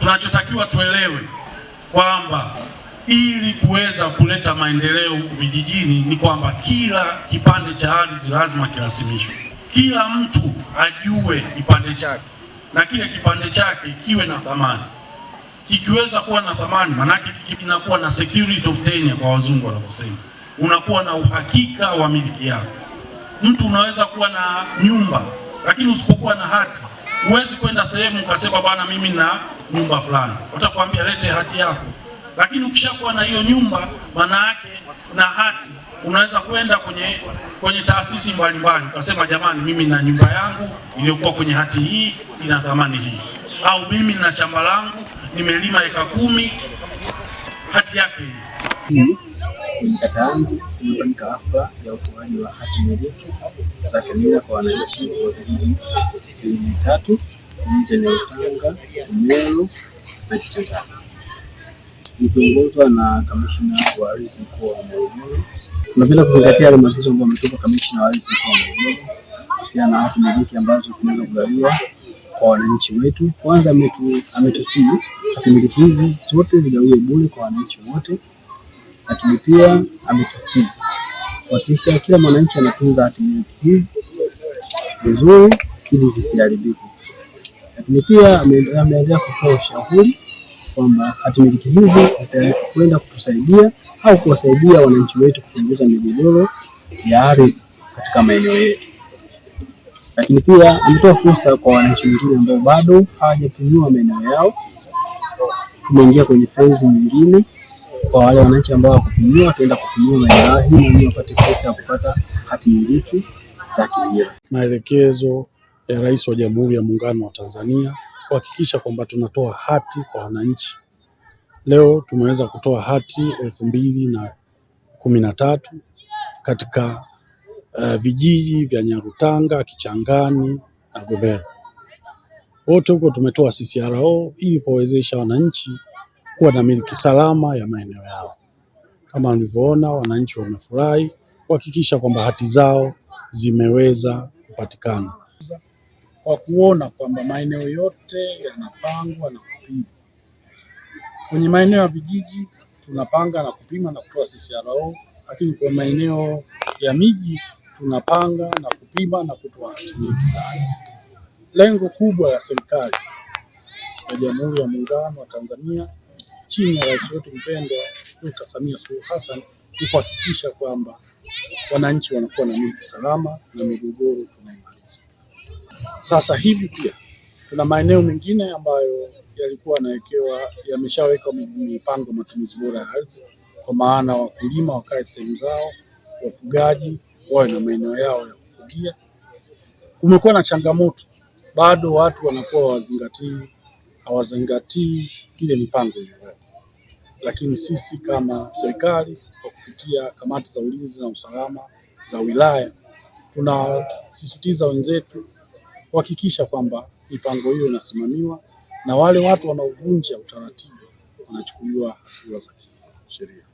Tunachotakiwa tuelewe kwamba ili kuweza kuleta maendeleo vijijini ni kwamba kila kipande cha ardhi lazima kirasimishwe, kila mtu ajue kipande chake na kile kipande chake kiwe na thamani. Kikiweza kuwa na thamani, manake kinakuwa na security of tenure kwa wazungu wanaposema, unakuwa na uhakika wa miliki yako. Mtu unaweza kuwa na nyumba lakini usipokuwa na hati Huwezi kwenda sehemu ukasema bwana, mimi na nyumba fulani, utakwambia lete hati yako. Lakini ukishakuwa na hiyo nyumba, maana yake na hati, unaweza kwenda kwenye kwenye taasisi mbalimbali ukasema, jamani, mimi na nyumba yangu iliyokuwa kwenye hati hii ina thamani hii, au mimi na shamba langu nimelima eka kumi, hati yake hii. Usitatani imefanyika hafla ya utoaji wa hati miliki za kimila kwa wananchi wa vijiji vitatu kijiji na Kichangani nikiongozwa na wa ardhi mkoa wa Morogoro. Tunapenda kuzingatia yale maagizo ambayo ametoka kamishna wa ardhi mkoa wa Morogoro kuhusiana na hati miliki ambazo tunaweza kugawiwa kwa wananchi wetu. Kwanza ametusihi hati miliki hizi zote zigawiwe bure kwa wananchi wote, lakini pia ametusii kuhakikisha kila mwananchi anatunza hati hizi vizuri ili zisiharibike. Lakini pia ameendelea kutoa ushauri kwamba hatimiliki hizi zitakwenda kutusaidia au kuwasaidia wananchi wetu kupunguza migogoro ya ardhi katika maeneo yetu. Lakini pia ametoa fursa kwa wananchi wengine ambao bado hawajapimiwa maeneo yao, umeingia kwenye fenzi nyingine kwa wale wananchi ambao hawakupimiwa wataenda kupimiwa maeneo hii ili wapate fursa ya kupata hati miliki za kilimo. Maelekezo ya Rais wa Jamhuri ya Muungano wa Tanzania kuhakikisha kwamba tunatoa hati kwa wananchi. Leo tumeweza kutoa hati elfu mbili na kumi na tatu katika uh, vijiji vya Nyarutanga, Kichangani na gombero Wote huko tumetoa CCRO ili kuwawezesha wananchi kuwa na miliki salama ya maeneo yao. Kama mlivyoona, wananchi wamefurahi kuhakikisha kwamba hati zao zimeweza kupatikana kwa kuona kwamba maeneo yote yanapangwa na kupima. Kwenye maeneo ya vijiji tunapanga na kupima na kutoa CCRO, lakini kwa maeneo ya miji tunapanga na kupima na kutoa hati miliki za ardhi. Lengo kubwa la serikali ya Jamhuri ya Muungano wa Tanzania chini ya rais wetu mpendwa Dkt. Samia Suluhu Hassan ni kuhakikisha kwamba wananchi wanakuwa na miji salama na migogoro tunaimaliza. Sasa hivi pia tuna maeneo mengine ambayo yalikuwa yanawekewa yameshawekwa mipango matumizi bora ya ardhi, kwa maana wakulima wakae sehemu zao, wafugaji wawe na maeneo yao ya kufugia. Kumekuwa na changamoto, bado watu wanakuwa hawazingatii hawazingatii ile mipango hiyo lakini sisi kama serikali kwa kupitia kamati za ulinzi na usalama za wilaya tunasisitiza wenzetu kuhakikisha kwamba mipango hiyo inasimamiwa na wale watu wanaovunja utaratibu wanachukuliwa hatua za kisheria.